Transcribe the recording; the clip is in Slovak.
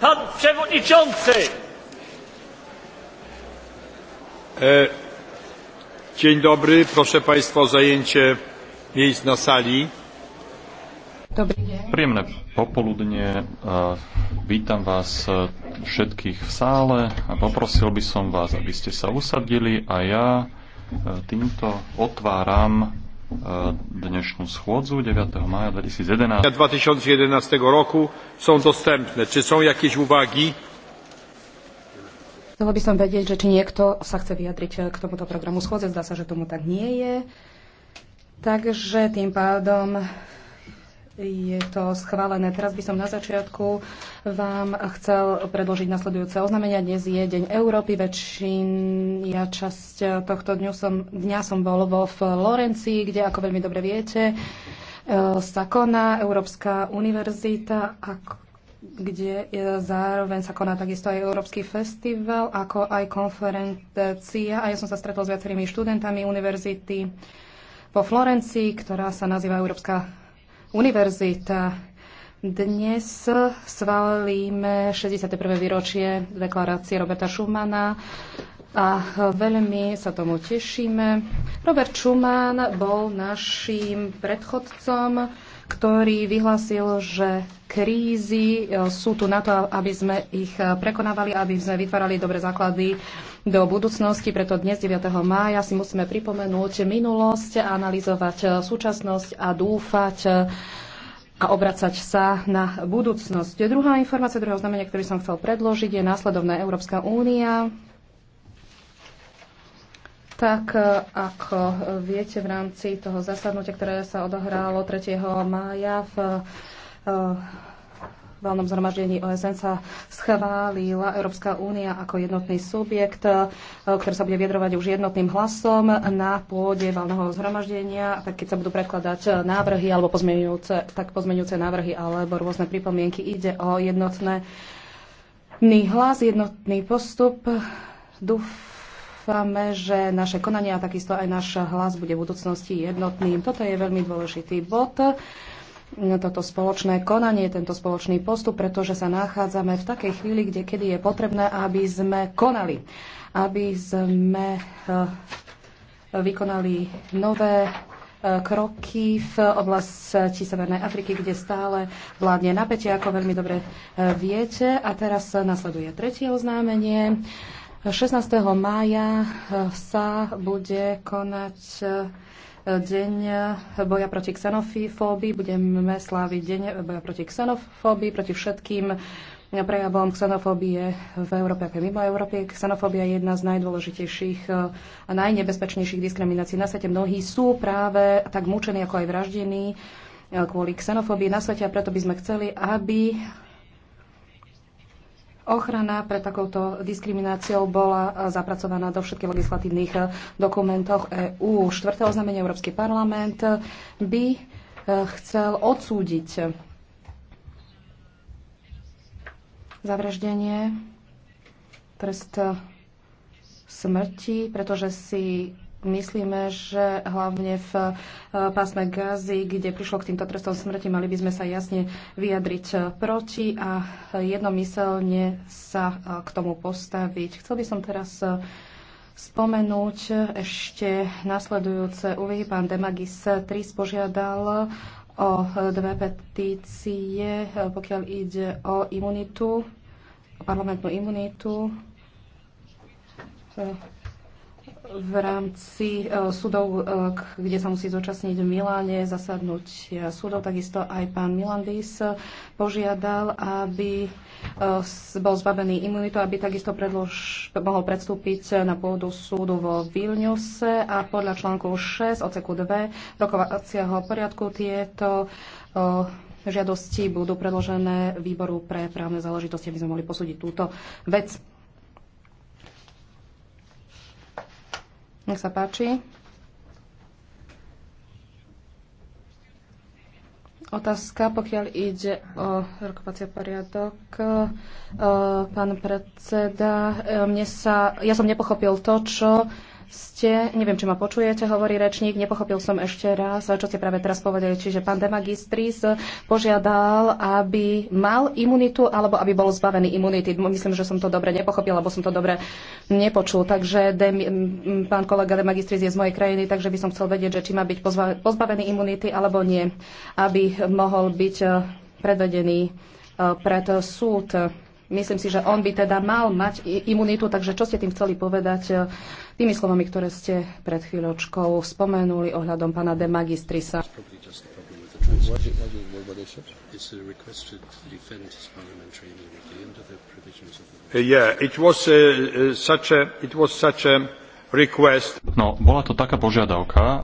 Pan przewodniczący! E, dzień dobry, proszę Państwa o zajęcie miejsc na sali. Dobrý deň. Príjemné popoludne. E, vítam vás e, všetkých v sále a poprosil by som vás, aby ste sa usadili a ja e, týmto otváram E, dnešnú schôdzu 9. maja 2011. 2011 roku sú dostępne. Či sú jakieś uwagi? Chcela by som vedieť, že či niekto sa chce vyjadriť k tomuto programu schôdze. Zdá sa, že tomu tak nie je. Takže tým pádom je to schválené. Teraz by som na začiatku vám chcel predložiť nasledujúce oznamenia. Dnes je Deň Európy. Väčšina časť tohto dňu som, dňa som bol vo Florencii, kde, ako veľmi dobre viete, e, sa koná Európska univerzita, kde e, zároveň sa koná takisto aj Európsky festival, ako aj konferencia. A ja som sa stretol s viacerými študentami univerzity po Florencii, ktorá sa nazýva Európska univerzita. Dnes svalíme 61. výročie deklarácie Roberta Schumana a veľmi sa tomu tešíme. Robert Schuman bol našim predchodcom ktorý vyhlasil, že krízy e, sú tu na to, aby sme ich e, prekonávali, aby sme vytvárali dobré základy do budúcnosti. Preto dnes 9. mája si musíme pripomenúť minulosť, analyzovať e, súčasnosť a dúfať a obracať sa na budúcnosť. Druhá informácia, druhého znamenia, ktorý som chcel predložiť, je následovná Európska únia tak e, ako viete, v rámci toho zasadnutia, ktoré sa odohralo 3. mája e, v valnom zhromaždení OSN sa schválila Európska únia ako jednotný subjekt, e, ktorý sa bude viedrovať už jednotným hlasom na pôde valného zhromaždenia. Tak keď sa budú prekladať návrhy alebo pozmeňujúce, tak pozmeňujúce návrhy alebo rôzne pripomienky, ide o jednotný hlas, jednotný postup. Dúfam, dúfame, že naše konanie a takisto aj náš hlas bude v budúcnosti jednotným. Toto je veľmi dôležitý bod toto spoločné konanie, tento spoločný postup, pretože sa nachádzame v takej chvíli, kde kedy je potrebné, aby sme konali, aby sme eh, vykonali nové eh, kroky v oblasti Severnej Afriky, kde stále vládne napätie, ako veľmi dobre eh, viete. A teraz nasleduje tretie oznámenie. 16. mája eh, sa bude konať eh, deň boja proti xenofóbii. Budeme sláviť deň boja proti xenofóbii, proti všetkým eh, prejavom xenofóbie v Európe ako mimo Európy. Xenofóbia je jedna z najdôležitejších a najnebezpečnejších diskriminácií na svete. Mnohí sú práve tak mučení ako aj vraždení kvôli xenofóbii na svete a preto by sme chceli, aby Ochrana pred takouto diskrimináciou bola e, zapracovaná do všetkých legislatívnych e, dokumentov EÚ. Štvrté oznámenie Európsky parlament e, by chcel odsúdiť zavraždenie, trest smrti, pretože si myslíme, že hlavne v eh, pásme Gazy, kde prišlo k týmto trestom smrti, mali by sme sa jasne vyjadriť eh, proti a jednomyselne sa eh, k tomu postaviť. Chcel by som teraz spomenúť ešte nasledujúce úvahy. Pán Demagis 3 spožiadal o dve petície, pokiaľ ide o imunitu, o parlamentnú imunitu v rámci eh, súdov, eh, kde sa musí zúčastniť v Miláne, zasadnúť eh, súdov, takisto aj pán Milandis požiadal, aby bol zbavený imunitu, aby takisto predlož, mohol predstúpiť na pôdu súdu vo Vilniuse a podľa článku 6 oceku 2 rokovacieho poriadku tieto žiadosti budú predložené výboru pre právne záležitosti, aby sme mohli posúdiť túto vec. Nech sa páči. Otázka, pokiaľ ide o rokovacia poriadok. E, pán predseda, e, mne sa, ja som nepochopil to, čo ste, neviem, či ma počujete, hovorí rečník, nepochopil som ešte raz, čo ste práve teraz povedali, čiže pán Demagistris požiadal, aby mal imunitu alebo aby bol zbavený imunity. Myslím, že som to dobre nepochopil, alebo som to dobre nepočul. Takže dem, pán kolega Demagistris je z mojej krajiny, takže by som chcel vedieť, že či má byť pozbavený imunity alebo nie, aby mohol byť eh, predvedený eh, pred súd. Myslím si, že on by teda mal mať imunitu, takže čo ste tým chceli povedať e, tými slovami, ktoré ste pred chvíľočkou spomenuli ohľadom pána de Magistrisa? Uh, uh, uh, no, bola to taká požiadavka,